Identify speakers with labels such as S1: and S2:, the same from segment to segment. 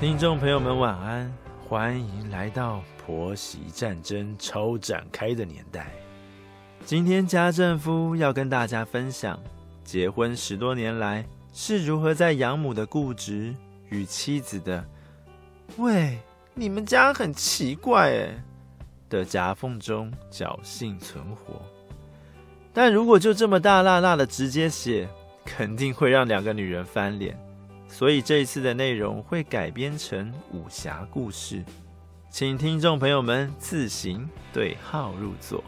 S1: 聽眾朋友們，晚安！歡迎來到婆媳戰爭超展開的年代。今天家政夫要跟大家分享，結婚十多年來是如何在養母的固執與妻子的“餵，你們家很奇怪”誒的夾縫中僥幸存活。但如果就這麼大剌剌的直接寫，肯定會讓兩個女人翻臉。所以這一次的內容會改編成武俠故事，請聽眾朋友們自行對號入座。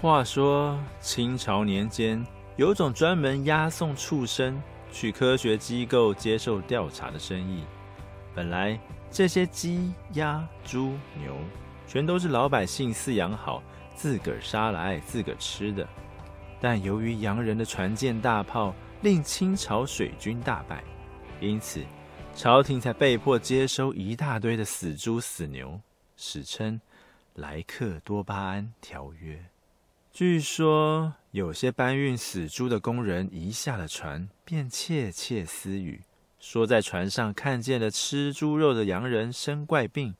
S1: 話說清朝年間，有種專門押送畜生去科學機構接受調查的生意。本來這些雞、鴨、豬、牛全都是老百姓飼養好，自個兒殺來自個兒吃的，但由於洋人的船艦大炮。令清朝水軍大敗，因此朝廷才被迫接收一大堆的死豬死牛，史稱《萊克多巴胺條約》。據說有些搬運死豬的工人一下了船，便竊竊私語，說在船上看見了吃豬肉的洋人生怪病，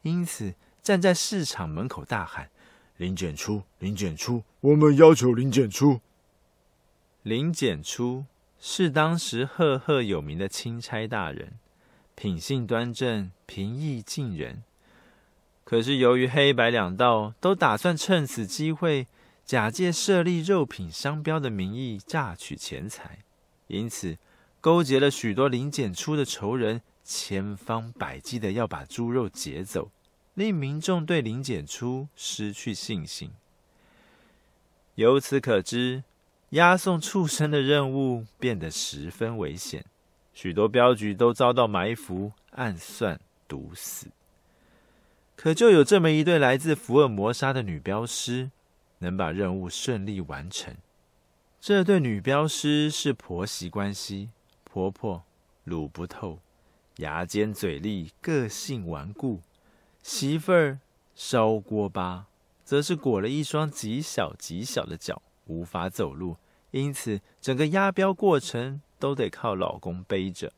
S1: 因此站在市場門口大喊：“零檢出，零檢出，我們要求零檢出。”林檢初是當時赫赫有名的欽差大人，品性端正，平易近人。可是，由於黑白兩道都打算趁此機會，假借設立肉品商標的名義榨取錢財，因此勾結了許多林檢初的仇人，千方百計地要把豬肉劫走，令民眾對林檢初失去信心。由此可知。押送畜生的任務變得十分危險，許多鏢局都遭到埋伏、暗算、毒死。可就有這麼一對來自福爾摩沙的女鏢師，能把任務順利完成。這對女鏢師是婆媳關係，婆婆捋不透，牙尖嘴利，個性頑固；媳婦兒燒鍋巴，則是裹了一雙極小極小的腳，無法走路。因此，整個押鏢過程都得靠老公背着。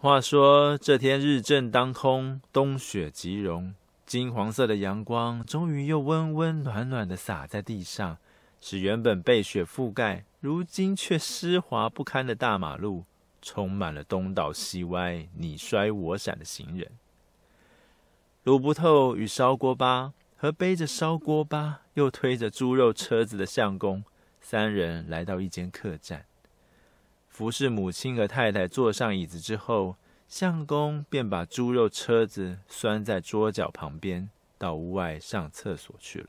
S1: 話說這天日正當空，冬雪即融，金黃色的陽光終於又溫溫暖暖的灑在地上，使原本被雪覆蓋、如今卻濕滑不堪的大馬路，充滿了東倒西歪、你摔我閃的行人。路不透與燒鍋巴，和背着燒鍋巴又推着豬肉車子的相公。三人來到一間客棧，服侍母親和太太坐上椅子之後，相公便把豬肉車子拴在桌角旁邊，到屋外上廁所去了。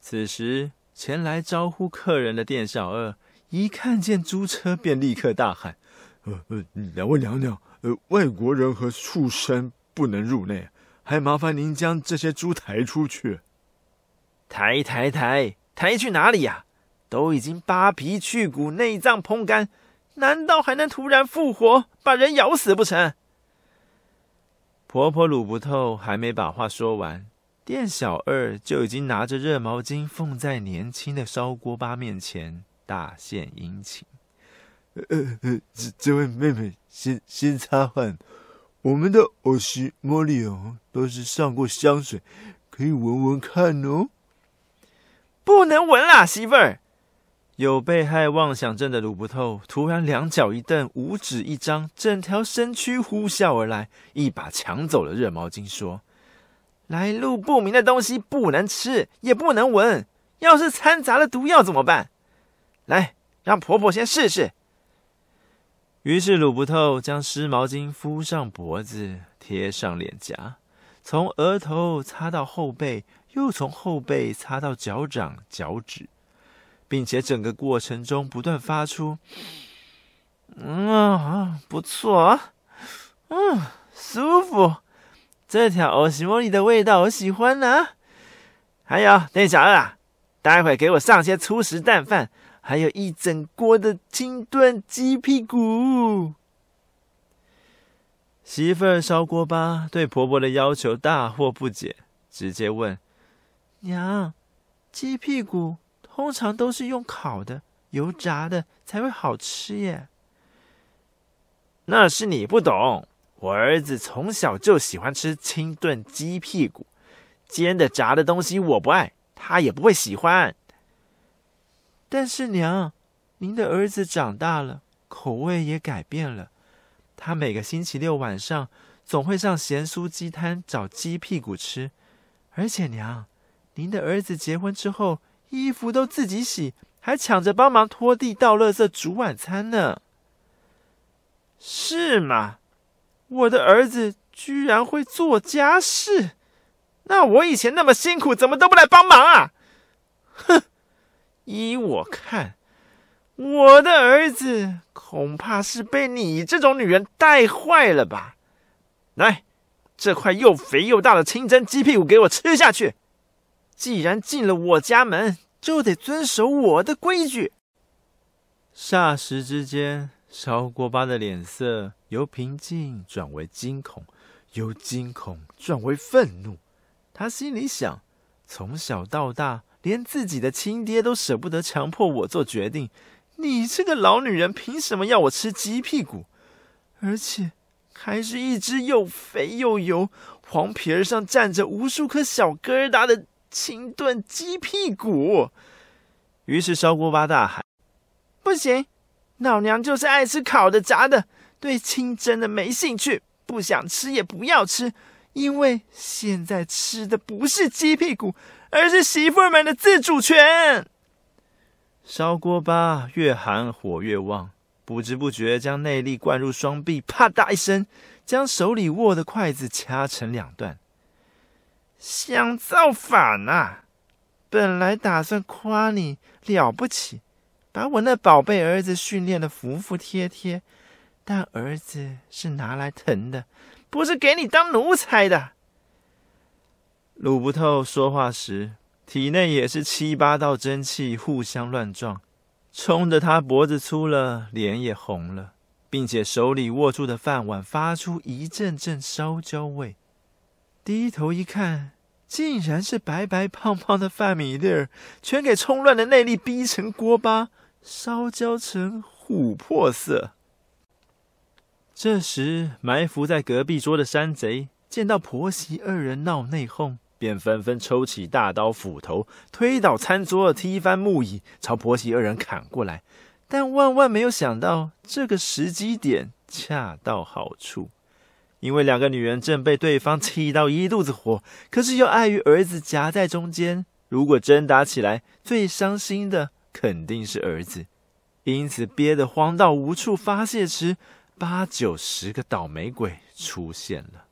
S1: 此時前來招呼客人的店小二一看見豬車，便立刻大喊：“呃呃，兩位娘娘，呃，外國人和畜生不能入內，還麻煩您將這些豬抬出去，抬抬抬，抬去哪裡呀？”都已經扒皮去骨，內臟烘乾，難道還能突然復活，把人咬死不成？婆婆魯不透還沒把話說完，店小二就已經拿着熱毛巾放在年輕的燒鍋巴面前，大獻殷勤。呃，呃，這這位妹妹先先擦汗，我們的偶須茉莉歐都是上過香水，可以聞聞看哦。不能聞啦，媳婦兒。有被害妄想症的魯不透突然兩腳一蹬，五指一張，整條身軀呼嘯而來，一把搶走了熱毛巾，說：“來路不明的東西不能吃，也不能聞，要是摻雜了毒藥怎麼辦？來，讓婆婆先試試。”於是魯不透將濕毛巾敷上脖子，貼上臉頰，從額頭擦到後背，又從後背擦到腳掌、腳趾。並且整個過程中不斷發出，嗯啊、哦，不錯，嗯，舒服，這條哦西莫里的味道我喜歡呢、啊。還有店小二啊，待會給我上些粗食淡飯，還有一整鍋的清燉雞屁股。媳婦兒燒鍋巴對婆婆的要求大惑不解，直接問娘：“雞屁股？”通常都是用烤的、油炸的才會好吃耶。那是你不懂，我兒子從小就喜歡吃清燉雞屁股，煎的、炸的東西我不愛，他也不會喜歡。但是娘，您的兒子長大了，口味也改變了。他每個星期六晚上總會上鹹酥雞攤找雞屁股吃，而且娘，您的兒子結婚之後。衣服都自己洗，還搶着幫忙拖地、倒垃圾、煮晚餐呢，是嗎？我的兒子居然會做家事，那我以前那麼辛苦，怎麼都不來幫忙啊？哼！依我看，我的兒子恐怕是被你這種女人帶壞了吧？來，這塊又肥又大的清蒸雞屁股給我吃下去。既然進了我家門，就得遵守我的規矩。霎時之間，燒鍋巴的臉色由平靜轉為驚恐，由驚恐轉為憤怒。他心裡想：從小到大，連自己的親爹都捨不得強迫我做決定，你這個老女人憑什麼要我吃雞屁股？而且還是一隻又肥又油、黃皮兒上站着無數顆小疙瘩的。清燉雞屁股。於是燒鍋巴大喊：“不行，老娘就是愛吃烤的、炸的，對清蒸的沒興趣。不想吃也不要吃，因為現在吃的不是雞屁股，而是媳婦們的自主權。”燒鍋巴越喊火越旺，不知不覺將內力灌入雙臂，啪嗒一聲，將手裡握的筷子掐成兩段。想造反啊！本來打算誇你了不起，把我那寶貝兒子訓練得服服帖帖，但兒子是拿來疼的，不是給你當奴才的。魯不透說話時，體內也是七八道真氣互相亂撞，沖得他脖子粗了，臉也紅了，並且手裡握住的飯碗發出一陣陣燒焦味。低頭一看，竟然是白白胖胖的飯米粒兒，全給沖亂的內力逼成鍋巴，燒焦成琥珀色。這時，埋伏在隔壁桌的山賊見到婆媳二人鬧內訌，便紛紛抽起大刀斧頭，推倒餐桌，踢翻木椅，朝婆媳二人砍過來。但萬萬沒有想到，這個時機點恰到好處。因為兩個女人正被對方氣到一肚子火，可是又礙於兒子夾在中間，如果真打起來，最傷心的肯定是兒子。因此憋得慌到無處發泄時，八九十個倒霉鬼出現了。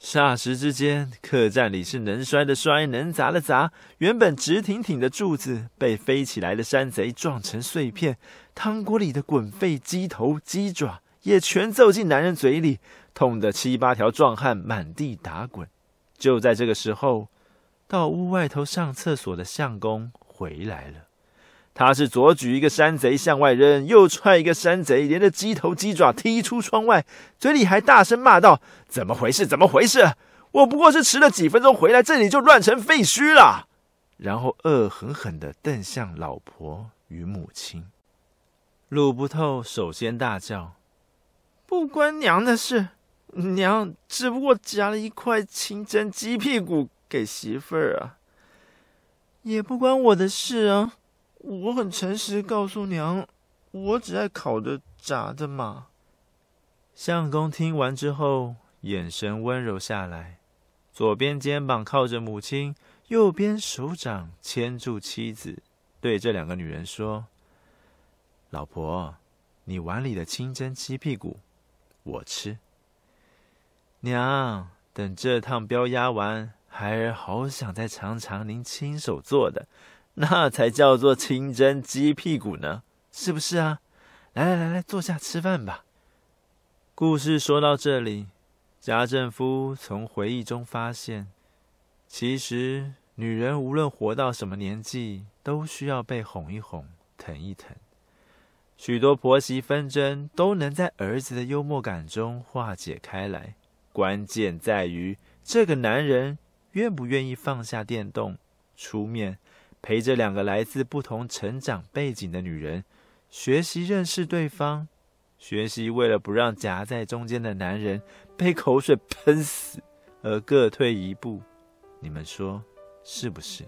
S1: 霎時之間，客棧裡是能摔的摔，能砸的砸，原本直挺挺的柱子被飛起來的山賊撞成碎片，湯鍋裡的滾沸雞頭雞爪。也全揍進男人嘴裡，痛得七八條壯漢滿地打滾。就在這個時候，到屋外頭上廁所的相公回來了。他是左舉一個山賊向外扔，右踹一個山賊，連着雞頭雞爪踢出窗外，嘴裡還大聲罵道：“怎麼回事？怎麼回事？我不過是遲了幾分鐘回來，這裡就亂成廢墟了。”然後惡狠狠地瞪向老婆與母親。路不透首先大叫。不關娘的事，娘只不過夾了一塊清蒸雞屁股給媳婦兒啊，也不關我的事啊。我很誠實告訴娘，我只愛烤的、炸的嘛。相公聽完之後，眼神溫柔下來，左邊肩膀靠着母親，右邊手掌牽住妻子，對這兩個女人說：“老婆，你碗裡的清蒸雞屁股。”我吃，娘，等這趟鏢押完，孩兒好想再嘗嘗您親手做的，那才叫做清蒸雞屁股呢，是不是啊？來來來來，坐下吃飯吧。故事說到這裡，家政夫從回憶中發現，其實女人無論活到什麼年紀，都需要被哄一哄，疼一疼。許多婆媳紛爭都能在兒子的幽默感中化解開來，關鍵在於這個男人願不願意放下電動，出面陪着兩個來自不同成長背景的女人，學習認識對方，學習為了不讓夾在中間的男人被口水噴死，而各退一步。你們說是不是？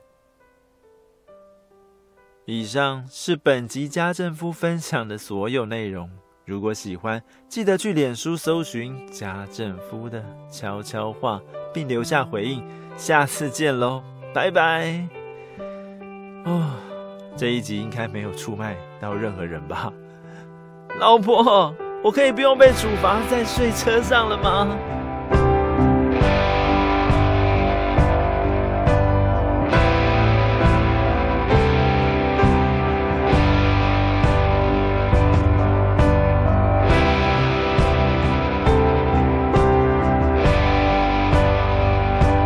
S1: 以上是本集家政夫分享的所有內容。如果喜歡，記得去臉書搜尋家政夫的悄悄話，並留下回應。下次見嘍，拜拜。哦，這一集應該沒有出賣到任何人吧？老婆，我可以不用被處罰在睡車上了嗎？